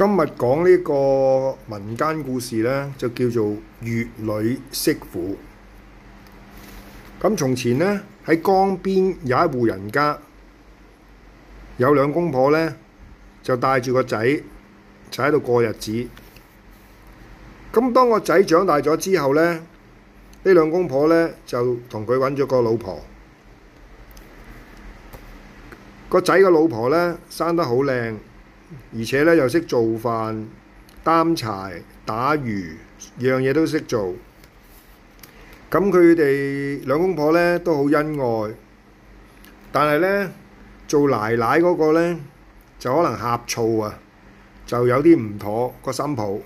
今日講呢個民間故事呢，就叫做《月裏媳婦》。咁從前呢，喺江邊有一戶人家，有兩公婆呢，就帶住個仔，就喺度過日子。咁當個仔長大咗之後呢，呢兩公婆呢就同佢揾咗個老婆。個仔個老婆呢生得好靚。而且咧又識做飯、擔柴、打魚，樣嘢都識做。咁佢哋兩公婆咧都好恩愛，但係咧做奶奶嗰個咧就可能呷醋啊，就有啲唔妥個新抱。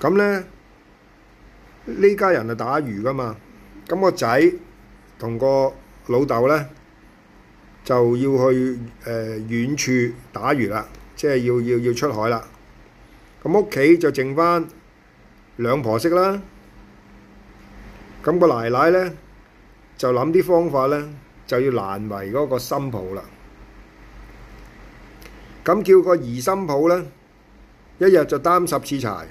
咁咧呢家人係打魚噶嘛，咁個仔同個老豆咧。就要去誒、呃、遠處打魚啦，即係要要要出海啦。咁屋企就剩翻兩婆媳啦。咁、那個奶奶咧就諗啲方法咧，就要難為嗰個新抱啦。咁叫個兒新抱咧，一日就擔十次柴。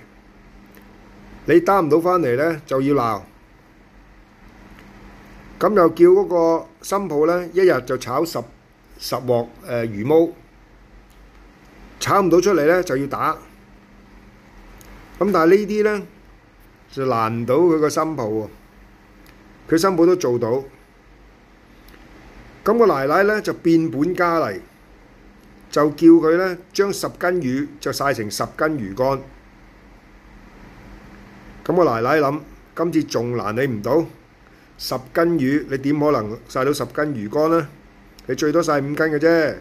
你擔唔到翻嚟咧，就要鬧。咁又叫嗰個新抱咧，一日就炒十十鑊誒魚毛，炒唔到出嚟咧就要打。咁但係呢啲咧就難唔到佢個新抱喎，佢新抱都做到。咁個奶奶咧就變本加厲，就叫佢咧將十斤魚就曬成十斤魚乾。咁個奶奶諗，今次仲難你唔到。十斤魚，你點可能曬到十斤魚乾呢？你最多曬五斤嘅啫。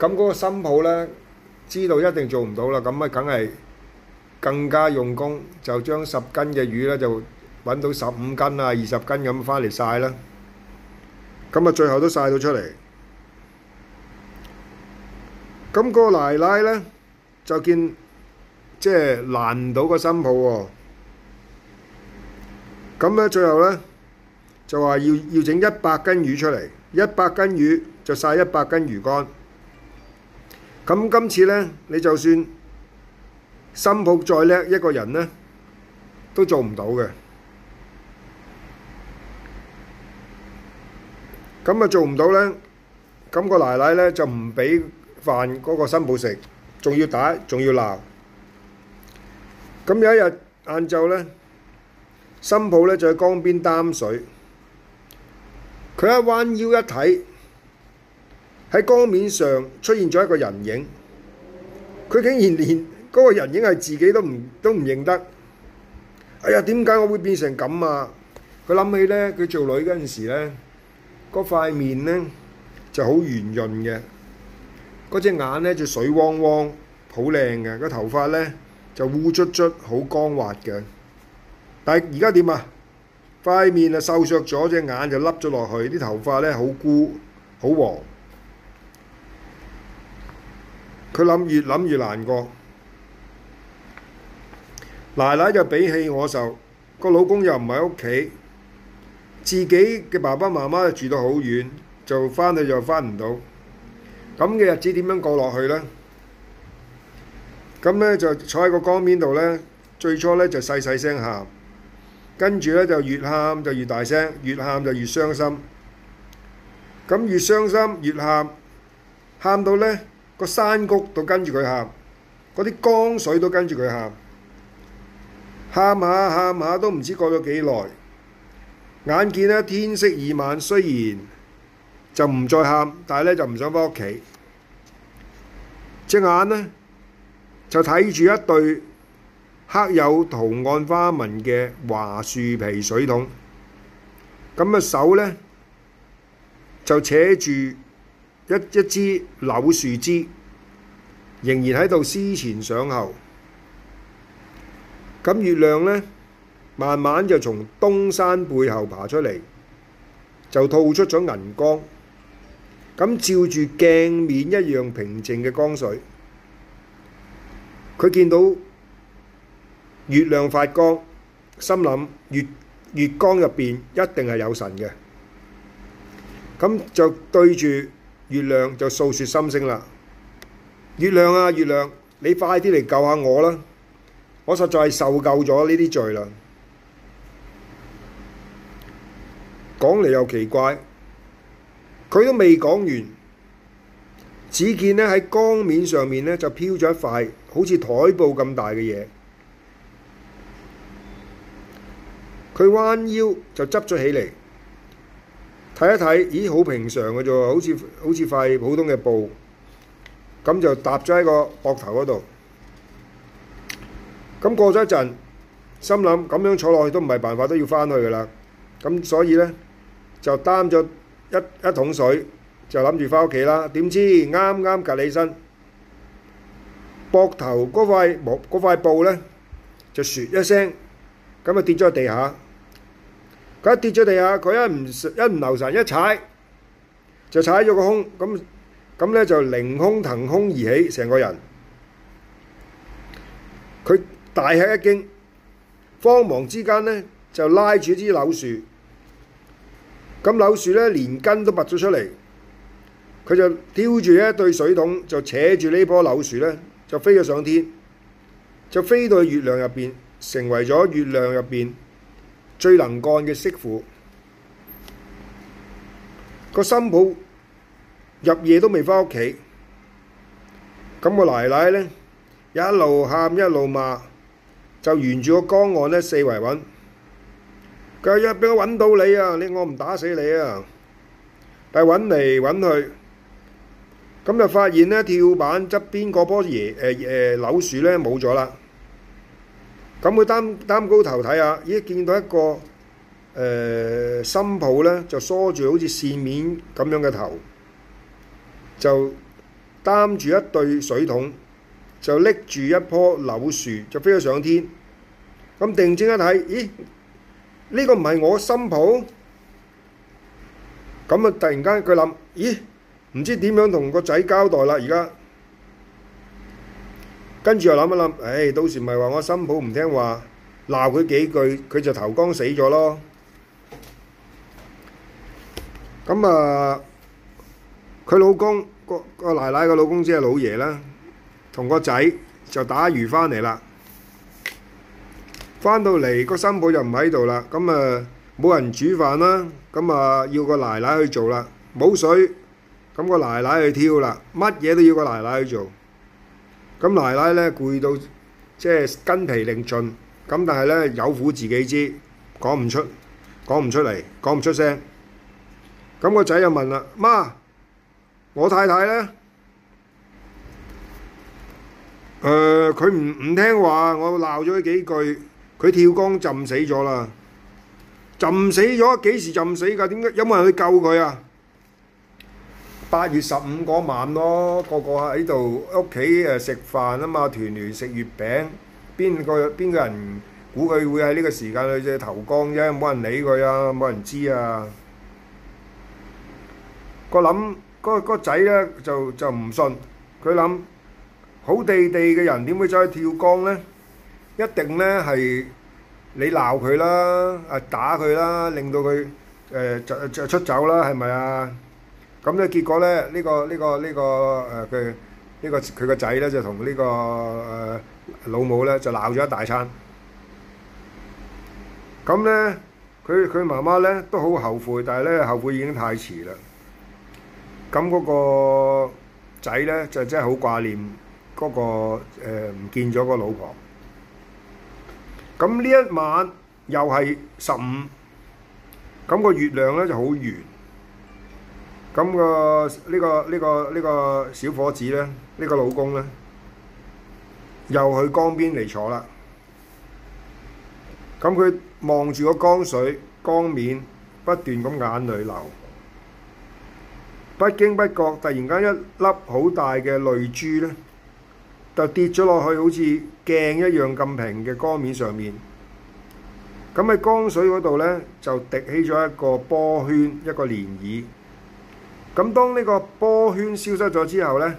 咁嗰個新抱呢，知道一定做唔到啦，咁啊，梗係更加用功，就將十斤嘅魚呢，就揾到十五斤啊、二十斤咁翻嚟曬啦。咁啊，最後都曬到出嚟。咁個奶奶呢，就見，即係難唔到個新抱喎。咁咧，最後咧就話要要整一百斤魚出嚟，一百斤魚就曬一百斤魚乾。咁今次咧，你就算新抱再叻，一個人咧都做唔到嘅。咁啊，做唔到咧，咁個奶奶咧就唔俾飯嗰個新抱食，仲要打，仲要鬧。咁有一日晏晝咧。新抱咧就喺江邊擔水，佢一彎腰一睇，喺江面上出現咗一個人影。佢竟然連嗰個人影係自己都唔都唔認得。哎呀，點解我會變成咁啊？佢諗起咧，佢做女嗰陣時咧，嗰塊面咧就好圓潤嘅，嗰隻眼咧就水汪汪，好靚嘅，個頭髮咧就烏卒卒，好光滑嘅。但係而家點啊？塊面啊瘦削咗，隻眼就凹咗落去，啲頭髮咧好枯、好黃。佢諗越諗越難過，奶奶就俾氣我受，個老公又唔喺屋企，自己嘅爸爸媽媽又住到好遠，就翻去就翻唔到，咁嘅日子點樣過落去咧？咁咧就坐喺個江邊度咧，最初咧就細細聲喊。跟住咧就越喊就越大聲，越喊就越傷心。咁越傷心越喊，喊到咧個山谷都跟住佢喊，嗰啲江水都跟住佢喊。喊下喊下都唔知過咗幾耐，眼見咧天色已晚，雖然就唔再喊，但係咧就唔想返屋企，隻眼咧就睇住一對。刻有圖案花紋嘅華樹皮水桶，咁個手呢就扯住一一支柳樹枝，仍然喺度思前想後。咁月亮呢慢慢就從東山背後爬出嚟，就吐出咗銀光，咁照住鏡面一樣平靜嘅江水，佢見到月亮發光，心諗月月光入邊一定係有神嘅，咁就對住月亮就訴說心聲啦。月亮啊，月亮，你快啲嚟救下我啦！我實在係受夠咗呢啲罪啦。講嚟又奇怪，佢都未講完，只見咧喺江面上面呢就飄咗一塊好似台布咁大嘅嘢。佢彎腰就執咗起嚟睇一睇，咦，好平常嘅啫，好似好似塊普通嘅布，咁就搭咗喺個膊頭嗰度。咁過咗一陣，心諗咁樣坐落去都唔係辦法，都要返去噶啦。咁所以咧就擔咗一一桶水，就諗住返屋企啦。點知啱啱趷起身，膊頭嗰塊布咧就「雪」一聲，咁啊跌咗喺地下。佢一跌咗地下，佢一唔一唔留神一踩，就踩咗個空，咁咁咧就凌空騰空而起，成個人，佢大吃一驚，慌忙之間咧就拉住支柳樹，咁柳樹咧連根都拔咗出嚟，佢就挑住一對水桶就扯住呢棵柳樹咧，就飛咗上天，就飛到月亮入邊，成為咗月亮入邊最能幹嘅媳婦，個新抱入夜都未返屋企，咁個奶奶咧一路喊一路罵，就沿住個江岸咧四圍揾，佢話一邊我揾到你啊，你我唔打死你啊！但揾嚟揾去，咁就發現咧跳板側邊嗰棵椰誒誒柳樹咧冇咗啦。咁佢擔擔高頭睇下，咦，見到一個誒新抱咧，就梳住好似扇面咁樣嘅頭，就擔住一對水桶，就拎住一棵柳樹就飛咗上天。咁定睛一睇，咦，呢個唔係我新抱？咁啊，突然間佢諗，咦，唔知點樣同個仔交代啦而家。跟住又諗一諗，誒、哎、到時咪話我新抱唔聽話，鬧佢幾句，佢就頭光死咗咯。咁啊，佢老公，個個奶奶個老公即係老爺啦，同個仔就打魚返嚟啦。返到嚟個新抱就唔喺度啦，咁啊冇人煮飯啦，咁啊要個奶奶去做啦，冇水，咁、那個奶奶去挑啦，乜嘢都要個奶奶去做。咁奶奶咧攰到即係筋疲力盡，咁但係咧有苦自己知，講唔出，講唔出嚟，講唔出聲。咁個仔就問啦：媽，我太太咧，誒佢唔唔聽話，我鬧咗佢幾句，佢跳江浸死咗啦，浸死咗幾時浸死㗎？點解有冇人去救佢啊！八月十五嗰晚咯，個個喺度屋企誒食飯啊嘛，團圓食月餅。邊個邊個人估佢會喺呢個時間去啫投江啫？冇人理佢呀，冇人知啊。個諗，嗰嗰仔咧就就唔信。佢諗好地地嘅人點會走去跳江咧？一定咧係你鬧佢啦，啊打佢啦，令到佢誒就就出走啦，係咪啊？咁咧結果咧，呢個呢個呢個誒佢呢個佢個仔咧就同呢個誒老母咧就鬧咗一大餐。咁咧，佢佢媽媽咧都好後悔，但係咧後悔已經太遲啦。咁嗰個仔咧就真係好掛念嗰個誒唔見咗個老婆。咁呢一晚又係十五，咁個月亮咧就好圓。咁、個呢、個呢、個呢、個小伙子呢，呢、個老公呢，又去江邊嚟坐啦。咁佢望住個江水江面，不斷咁眼淚流。不經不覺，突然間一粒好大嘅淚珠呢，就跌咗落去，好似鏡一樣咁平嘅江面上面。咁喺江水嗰度呢，就滴起咗一個波圈，一個漣漪。咁當呢個波圈消失咗之後呢，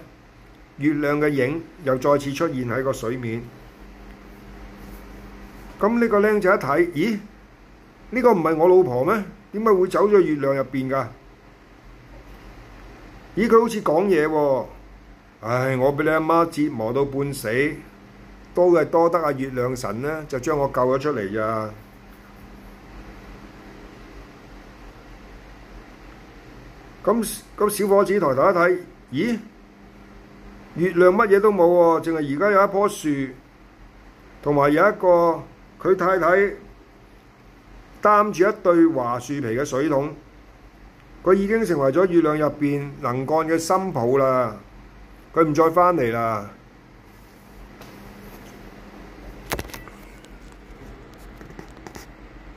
月亮嘅影又再次出現喺個水面。咁呢個靚仔一睇，咦？呢個唔係我老婆咩？點解會走咗月亮入邊㗎？咦！佢好似講嘢喎。唉，我畀你阿媽折磨到半死，都係多得阿月亮神呢，就將我救咗出嚟咋。咁小伙子抬頭一睇，咦？月亮乜嘢都冇喎，淨係而家有一棵樹，同埋有一個佢太太擔住一對華樹皮嘅水桶，佢已經成為咗月亮入邊能幹嘅新抱啦，佢唔再翻嚟啦。